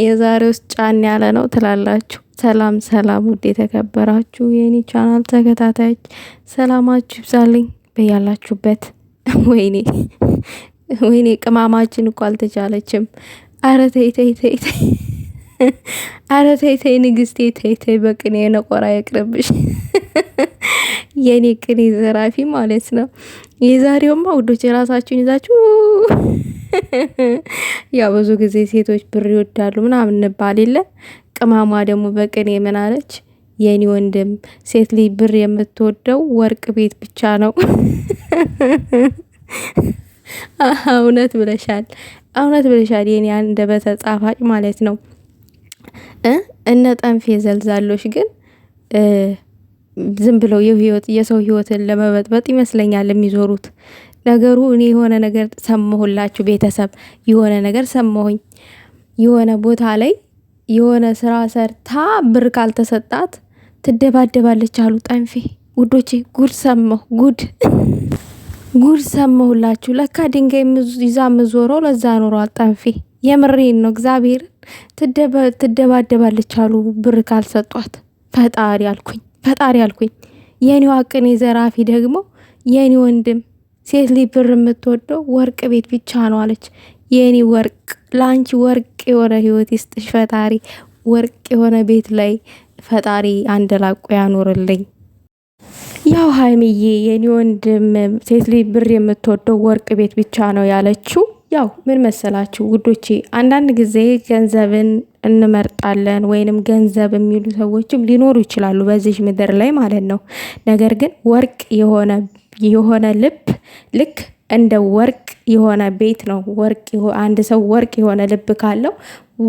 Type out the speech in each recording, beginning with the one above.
የዛሬ ውስጥ ጫን ያለ ነው ትላላችሁ። ሰላም ሰላም፣ ውድ የተከበራችሁ የኔ ቻናል ተከታታዮች ሰላማችሁ ይብዛልኝ በያላችሁበት። ወይኔ ወይኔ፣ ቅማማችን እኮ አልተቻለችም። አረ ተይ ተይ ተይ ተይ፣ አረ ተይ ተይ ንግስቴ ተይ ተይ፣ በቅኔ የነቆራ ይቅርብሽ። የኔ ቅኔ ዘራፊ ማለት ነው። የዛሬውማ ውዶች የራሳችሁን ይዛችሁ ያው ብዙ ጊዜ ሴቶች ብር ይወዳሉ ምናምን እንባል የለ። ቅማሟ ደግሞ በቅኔ ምን አለች? የኔ ወንድም ሴት ልጅ ብር የምትወደው ወርቅ ቤት ብቻ ነው። እውነት ብለሻል፣ እውነት ብለሻል። የኔ አንደበተ በተጻፋጭ ማለት ነው። እነ ጠንፌ ዘልዛሎች ግን ዝም ብለው የሰው ህይወትን ለመበጥበጥ ይመስለኛል የሚዞሩት። ነገሩ እኔ የሆነ ነገር ሰማሁላችሁ ቤተሰብ የሆነ ነገር ሰማሁኝ። የሆነ ቦታ ላይ የሆነ ስራ ሰርታ ብር ካልተሰጣት ትደባደባለች አሉ ጠንፌ። ውዶቼ ጉድ ሰማሁ፣ ጉድ ጉድ ሰማሁላችሁ። ለካ ድንጋይ ይዛ ምዞረው ለዛ ኖሯል ጠንፌ። የምሬን ነው እግዚአብሔርን ትደባደባለች አሉ ብር ካልሰጧት። ፈጣሪ አልኩኝ፣ ፈጣሪ አልኩኝ። የኔዋ ቅኔ ዘራፊ ደግሞ የኔ ወንድም ሴት ልጅ ብር የምትወደው ወርቅ ቤት ብቻ ነው አለች። የኔ ወርቅ ለአንቺ ወርቅ የሆነ ህይወት ይስጥሽ ፈጣሪ፣ ወርቅ የሆነ ቤት ላይ ፈጣሪ አንድ ላቆ ያኖርልኝ። ያው ሀይምዬ የኔ ወንድም ሴት ልጅ ብር የምትወደው ወርቅ ቤት ብቻ ነው ያለችው። ያው ምን መሰላችሁ ውዶቼ፣ አንዳንድ ጊዜ ገንዘብን እንመርጣለን ወይንም ገንዘብ የሚሉ ሰዎችም ሊኖሩ ይችላሉ በዚህ ምድር ላይ ማለት ነው። ነገር ግን ወርቅ የሆነ የሆነ ልብ ልክ እንደ ወርቅ የሆነ ቤት ነው። ወርቅ አንድ ሰው ወርቅ የሆነ ልብ ካለው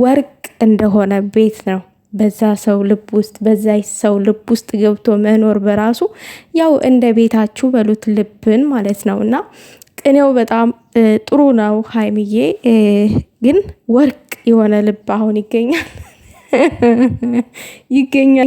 ወርቅ እንደሆነ ቤት ነው። በዛ ሰው ልብ ውስጥ በዛ ሰው ልብ ውስጥ ገብቶ መኖር በራሱ ያው እንደ ቤታችሁ በሉት ልብን ማለት ነው። እና ቅኔው በጣም ጥሩ ነው። ሀይምዬ ግን ወርቅ የሆነ ልብ አሁን ይገኛል ይገኛል